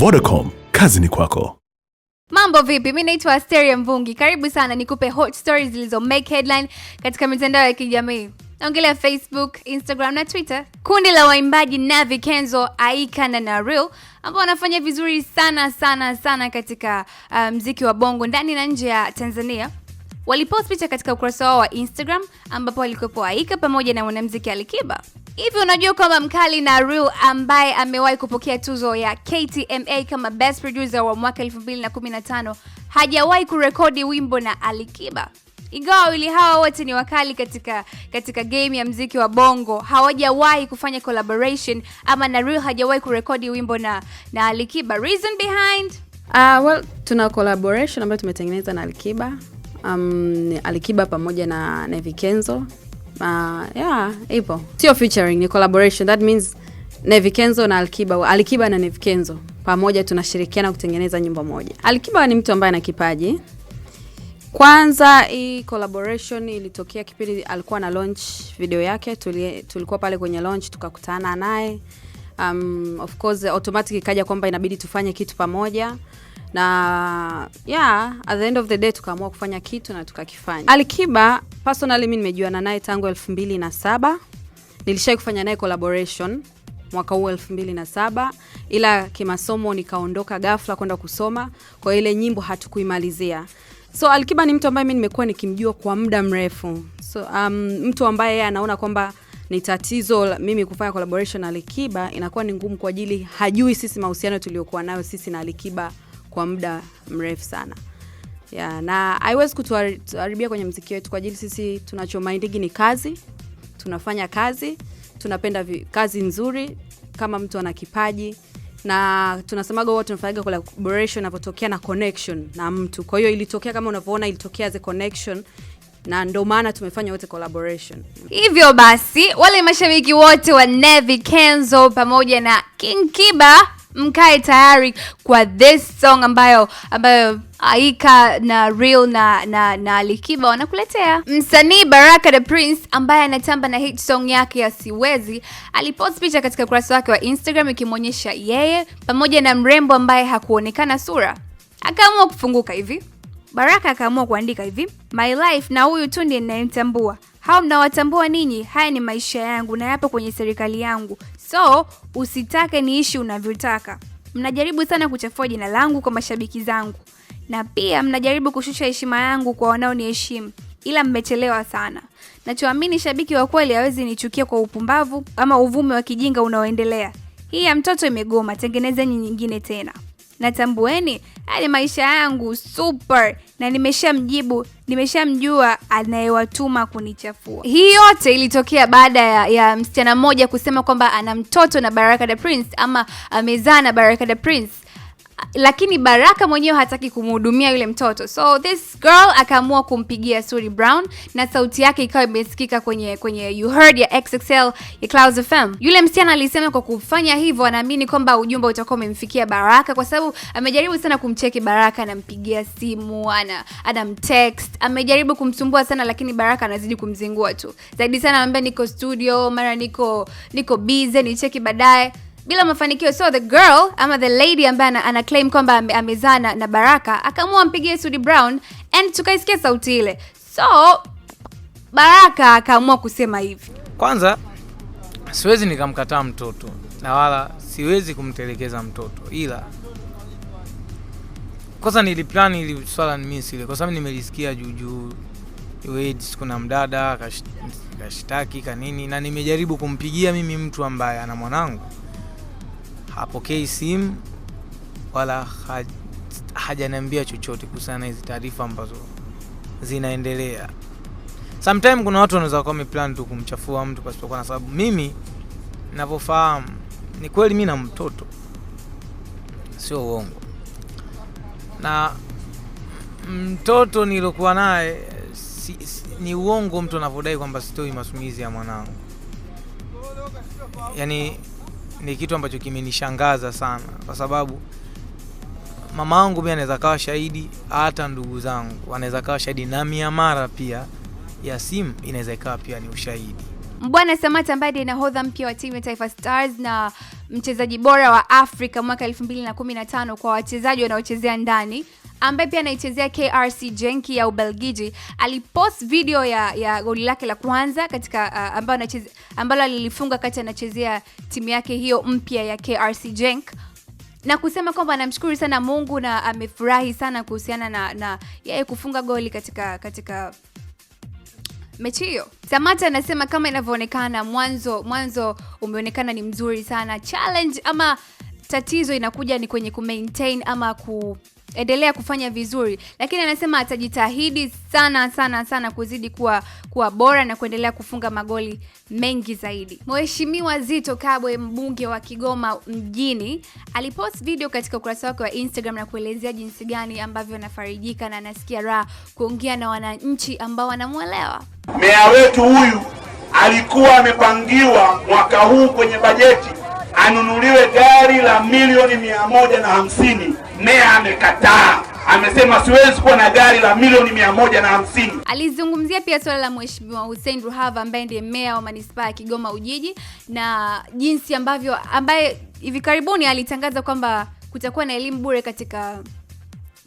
Vodacom, kazi ni kwako. Mambo vipi? Mimi naitwa Asteria Mvungi. Karibu sana nikupe hot stories zilizo make headline katika mitandao ya kijamii. Naongelea Facebook, Instagram na Twitter. Kundi la waimbaji Navi Kenzo, Aika na Naril ambao wanafanya vizuri sana sana sana katika uh, mziki wa Bongo ndani na nje ya Tanzania walipost picha katika ukurasa wao wa Instagram ambapo walikuwepo Aika pamoja na mwanamuziki Alikiba. Hivi unajua kwamba Mkali na Real ambaye amewahi kupokea tuzo ya KTMA kama Best Producer wa mwaka 2015 hajawahi kurekodi wimbo na Alikiba. Ingawa wawili hawa wote ni wakali katika katika game ya mziki wa Bongo, hawajawahi kufanya collaboration ama na Real hajawahi kurekodi wimbo na na Alikiba. Reason behind? Uh, well, tuna collaboration ambayo tumetengeneza na Alikiba. Um, Alikiba pamoja na Kenzo uh, ipo sio featuring, ni collaboration. That means Nevi Kenzo na alkiba Alikiba na Nevi Kenzo pamoja tunashirikiana kutengeneza nyimbo moja. Alikiba ni mtu ambaye ana kipaji. Kwanza hii collaboration ilitokea kipindi alikuwa na launch video yake, tuli, tulikuwa pale kwenye launch tukakutana naye um, of course automatic ikaja kwamba inabidi tufanye kitu pamoja na yeah, at the end of the day tukaamua kufanya kitu na tukakifanya. Alikiba personally mimi nimejuana naye tangu 2007. Nilishai kufanya naye collaboration mwaka huu 2007, ila kimasomo nikaondoka ghafla kwenda kusoma, kwa ile nyimbo hatukuimalizia. So Alikiba ni mtu ambaye mimi nimekuwa nikimjua kwa muda mrefu. So um, mtu ambaye yeye anaona kwamba ni tatizo mimi kufanya collaboration na Alikiba inakuwa ni ngumu kwa ajili hajui sisi mahusiano tuliokuwa nayo sisi na Alikiba kwa muda mrefu sana yeah, na haiwezi kutuharibia kwenye mziki wetu kwa ajili sisi tunachomaindigi ni kazi, tunafanya kazi, tunapenda vi, kazi nzuri kama mtu ana kipaji na tunasemaga huwa tunafanyaga collaboration inavyotokea na connection na mtu. Kwa hiyo ilitokea kama unavyoona, ilitokea as connection na ndo maana tumefanya wote collaboration. Hivyo basi, wale mashabiki wote wa Nevi Kenzo pamoja na King Kiba mkae tayari kwa this song ambayo ambayo Aika na Real na na, na Alikiba wanakuletea. Msanii Baraka the Prince ambaye anatamba na hit song yake ya Siwezi alipost picha katika ukurasa wake wa Instagram ikimwonyesha yeye pamoja na mrembo ambaye hakuonekana sura. Akaamua kufunguka hivi. Baraka akaamua kuandika hivi, my life na huyu tu ndiye ninayemtambua. Hao mnawatambua ninyi? Haya ni maisha yangu na yapo kwenye serikali yangu. So usitake niishi unavyotaka. Mnajaribu sana kuchafua jina langu kwa mashabiki zangu, na pia mnajaribu kushusha heshima yangu kwa wanaoniheshimu, ila mmechelewa sana. Nachoamini, shabiki wa kweli hawezi nichukia kwa upumbavu ama uvumi wa kijinga unaoendelea. Hii ya mtoto imegoma, tengenezeni nyingine tena. Natambueni hali maisha yangu super na nimeshamjibu, nimeshamjua anayewatuma kunichafua. Hii yote ilitokea baada ya, ya msichana mmoja kusema kwamba ana mtoto na Baraka da Prince ama amezaa na Baraka da Prince lakini Baraka mwenyewe hataki kumhudumia yule mtoto, so this girl akaamua kumpigia Suri Brown na sauti yake ikawa imesikika kwenye kwenye you heard ya XXL ya Clouds FM. Yule msichana alisema kwa kufanya hivyo anaamini kwamba ujumbe utakuwa umemfikia Baraka, kwa sababu amejaribu sana kumcheki Baraka, anampigia simu, ana anamtext, amejaribu kumsumbua sana, lakini Baraka anazidi kumzingua tu zaidi sana, anamwambia niko studio, mara niko niko busy, nicheki baadaye bila mafanikio. So the girl ama the lady ambaye ana claim kwamba amezana na Baraka akaamua ampigie Sudi Brown and tukaisikia sauti ile. So Baraka akaamua kusema hivi, kwanza siwezi nikamkataa mtoto na wala siwezi kumtelekeza mtoto, ila kwanza niliplani ili swala nimisile, kwa sababu nimelisikia juujuu Wades kuna mdada kashtaki kanini, na nimejaribu kumpigia mimi mtu ambaye ana mwanangu hapokei simu wala hajaniambia hajaniambia chochote kuhusiana na hizi taarifa ambazo zinaendelea. Sometime kuna watu wanaweza kuwa wameplan tu kumchafua mtu pasipokuwa na sababu. Mimi ninavyofahamu ni kweli, mimi na mtoto, sio uongo, na mtoto niliokuwa naye si, si, ni uongo mtu anavyodai kwamba sitoi matumizi ya mwanangu, yaani ni kitu ambacho kimenishangaza sana, kwa sababu mama wangu pia anaweza kawa shahidi, hata ndugu zangu wanaweza kawa shahidi, na miamara pia ya simu inaweza ikawa pia ni ushahidi. Mbwana Samata ambaye ndiye nahodha mpya wa timu ya Taifa Stars na mchezaji bora wa Afrika mwaka tano kwa wachezaji wanaochezea ndani ambaye pia anaichezea KRC jenki ya Ubelgiji alipost video ya, ya goli lake la kwanza katika uh, ambalo, ambalo alilifunga kati anachezea timu yake hiyo mpya ya KRC jenk na kusema kwamba anamshukuru sana Mungu na amefurahi sana kuhusiana na, na yeye kufunga goli katika katika mechi hiyo. Samata anasema kama inavyoonekana mwanzo mwanzo umeonekana ni mzuri sana. Challenge ama tatizo inakuja ni kwenye kumaintain ama ku endelea kufanya vizuri, lakini anasema atajitahidi sana sana sana kuzidi kuwa, kuwa bora na kuendelea kufunga magoli mengi zaidi. Mheshimiwa Zito Kabwe, mbunge wa Kigoma Mjini, alipost video katika ukurasa wake wa Instagram na kuelezea jinsi gani ambavyo anafarijika na anasikia raha kuongea na wananchi ambao wanamwelewa. mea wetu huyu alikuwa amepangiwa mwaka huu kwenye bajeti anunuliwe gari la milioni mia moja na hamsini. Meya amekataa, amesema siwezi kuwa na gari la milioni mia moja na hamsini. Alizungumzia pia suala la Mheshimiwa Hussein Ruhava ambaye ndiye meya wa manispaa ya Kigoma Ujiji na jinsi ambavyo ambaye hivi karibuni alitangaza kwamba kutakuwa na elimu bure katika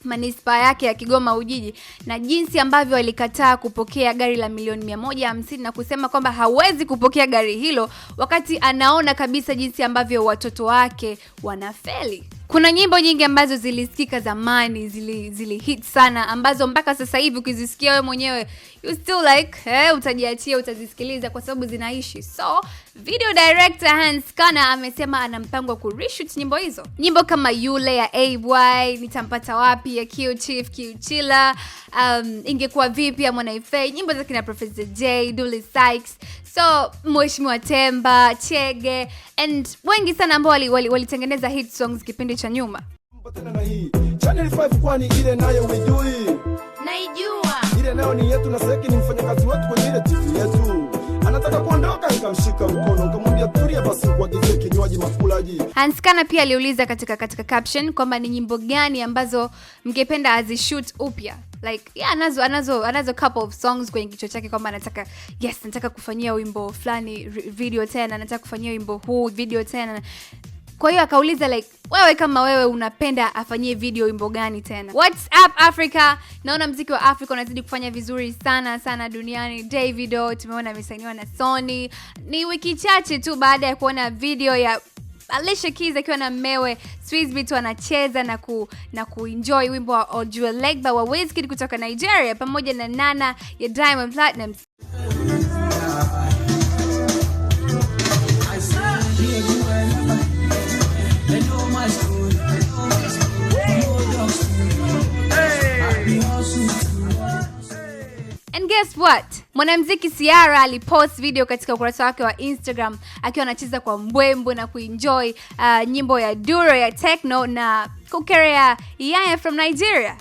manispaa yake ya Kigoma Ujiji na jinsi ambavyo alikataa kupokea gari la milioni mia moja hamsini na kusema kwamba hawezi kupokea gari hilo wakati anaona kabisa jinsi ambavyo watoto wake wanafeli. Kuna nyimbo nyingi ambazo zilisikika zamani, zili, zili hit sana ambazo mpaka sasa hivi ukizisikia wewe mwenyewe you still like eh, utajiachia utazisikiliza kwa sababu zinaishi. So video director Hans Kana amesema ana mpango wa kureshoot nyimbo hizo, nyimbo kama yule ya AY nitampata wapi ya Q Chief Q Chilla, um, ingekuwa vipi ya Mwanaifei, nyimbo za kina Professor J, Dully Sykes, so Mheshimiwa Temba, Chege and wengi sana ambao walitengeneza wali, wali hit songs kipindi kipindi cha nyuma. Hanskana pia aliuliza katika katika caption kwamba ni nyimbo gani ambazo mngependa azishoot upya. Like yeah, anazo anazo anazo couple of songs kwenye kichwa chake kwamba anataka yes, nataka kufanyia wimbo fulani video tena, nataka kufanyia wimbo huu video tena. Kwa hiyo akauliza like, wewe kama wewe unapenda afanyie video wimbo gani tena? What's up Africa? Naona mziki wa Africa unazidi kufanya vizuri sana sana duniani. Davido tumeona amesainiwa na Sony. Ni wiki chache tu baada ya kuona video ya Alicia Keys akiwa na mmewe Swizz anacheza wanacheza na ku na kuenjoy wimbo wa Ojuelegba wa Wizkid kutoka Nigeria pamoja na Nana ya Diamond Platnumz. guess what? Mwanamuziki Ciara alipost video katika ukurasa wake wa Instagram akiwa anacheza kwa mbwembwe na kuenjoy uh, nyimbo ya Duro ya techno na Kukerea Yaya from Nigeria.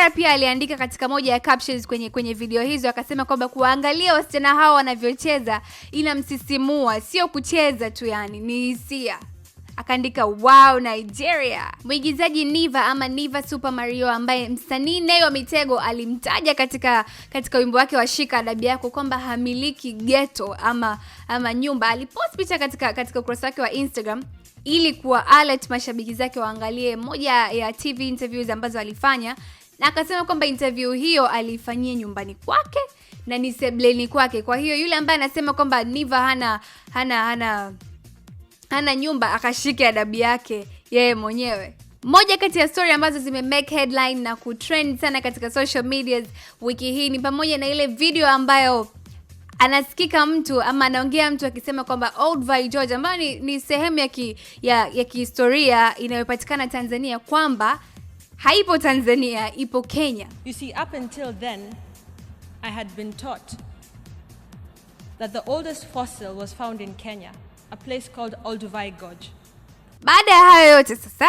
Diara pia aliandika katika moja ya captions kwenye kwenye video hizo akasema kwamba kuwaangalia wasichana hao wanavyocheza inamsisimua, sio kucheza tu, yani ni hisia. Akaandika wow Nigeria. Mwigizaji Niva ama Niva Super Mario, ambaye msanii Nay wa Mitego alimtaja katika katika wimbo wake wa Shika Adabu Yako kwamba hamiliki geto ama ama nyumba, alipost picha katika katika ukurasa wake wa Instagram ili kuwa alert mashabiki zake waangalie moja ya TV interviews ambazo alifanya na akasema kwamba interview hiyo aliifanyia nyumbani kwake na ni sebleni kwake. Kwa hiyo yule ambaye anasema kwamba Niva hana hana hana hana nyumba akashike adabu yake yeye mwenyewe. Moja kati ya story ambazo zime make headline na kutrend sana katika social medias wiki hii ni pamoja na ile video ambayo anasikika mtu ama anaongea mtu akisema kwamba Old Vai George ambayo ni, ni sehemu ya ki, ya, ya kihistoria inayopatikana Tanzania kwamba haipo Tanzania, ipo Kenya. You see, up until then, I had been taught that the oldest fossil was found in Kenya, a place called Olduvai Gorge. Baada ya hayo yote sasa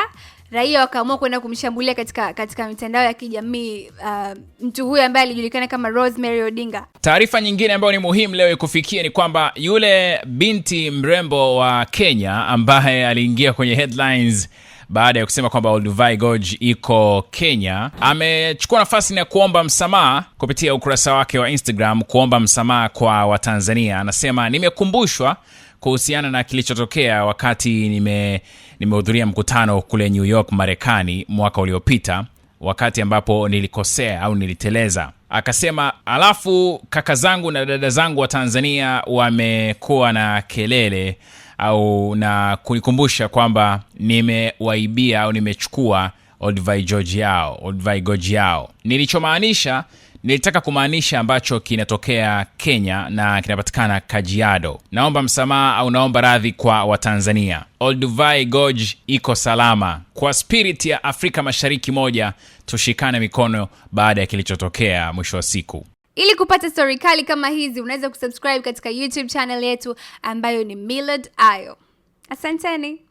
raia wakaamua kwenda kumshambulia katika, katika mitandao ya kijamii uh, mtu huyu ambaye alijulikana kama Rosemary Odinga. Taarifa nyingine ambayo ni muhimu leo ikufikie ni kwamba yule binti mrembo wa Kenya ambaye aliingia kwenye headlines baada ya kusema kwamba olduvai Gorge iko Kenya, amechukua nafasi ya kuomba msamaha kupitia ukurasa wake wa Instagram, kuomba msamaha kwa Watanzania. Anasema, nimekumbushwa kuhusiana na kilichotokea wakati nime nimehudhuria mkutano kule New York Marekani mwaka uliopita, wakati ambapo nilikosea au niliteleza. Akasema alafu kaka zangu na dada zangu wa Tanzania wamekuwa na kelele au na kunikumbusha kwamba nimewaibia au nimechukua Olduvai yao Goji yao. Nilichomaanisha, nilitaka kumaanisha ambacho kinatokea Kenya na kinapatikana Kajiado. Naomba msamaha au naomba radhi kwa Watanzania. Olduvai Goji iko salama. Kwa spirit ya Afrika Mashariki moja, tushikane mikono baada ya kilichotokea mwisho wa siku. Ili kupata stori kali kama hizi unaweza kusubscribe katika YouTube channel yetu ambayo ni Millard Ayo. Asanteni.